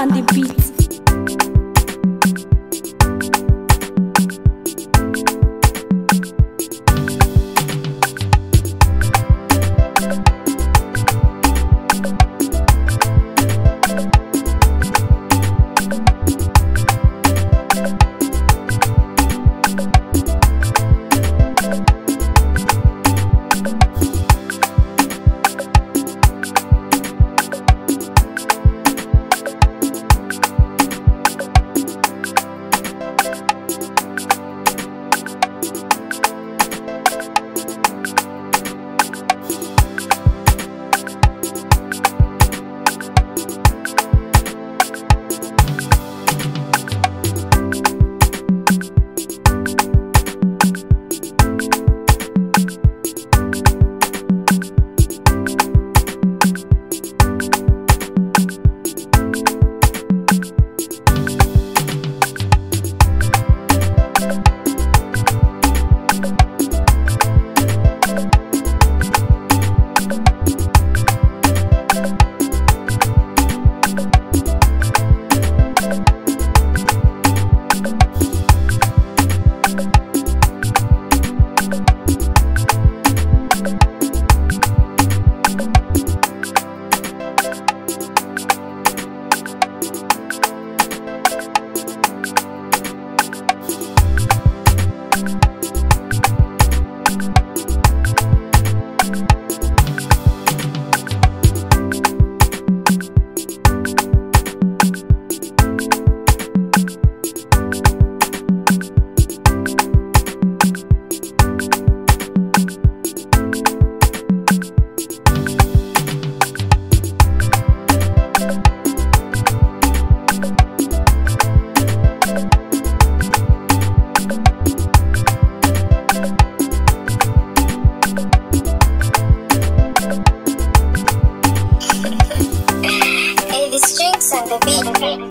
on the beat. and the beat.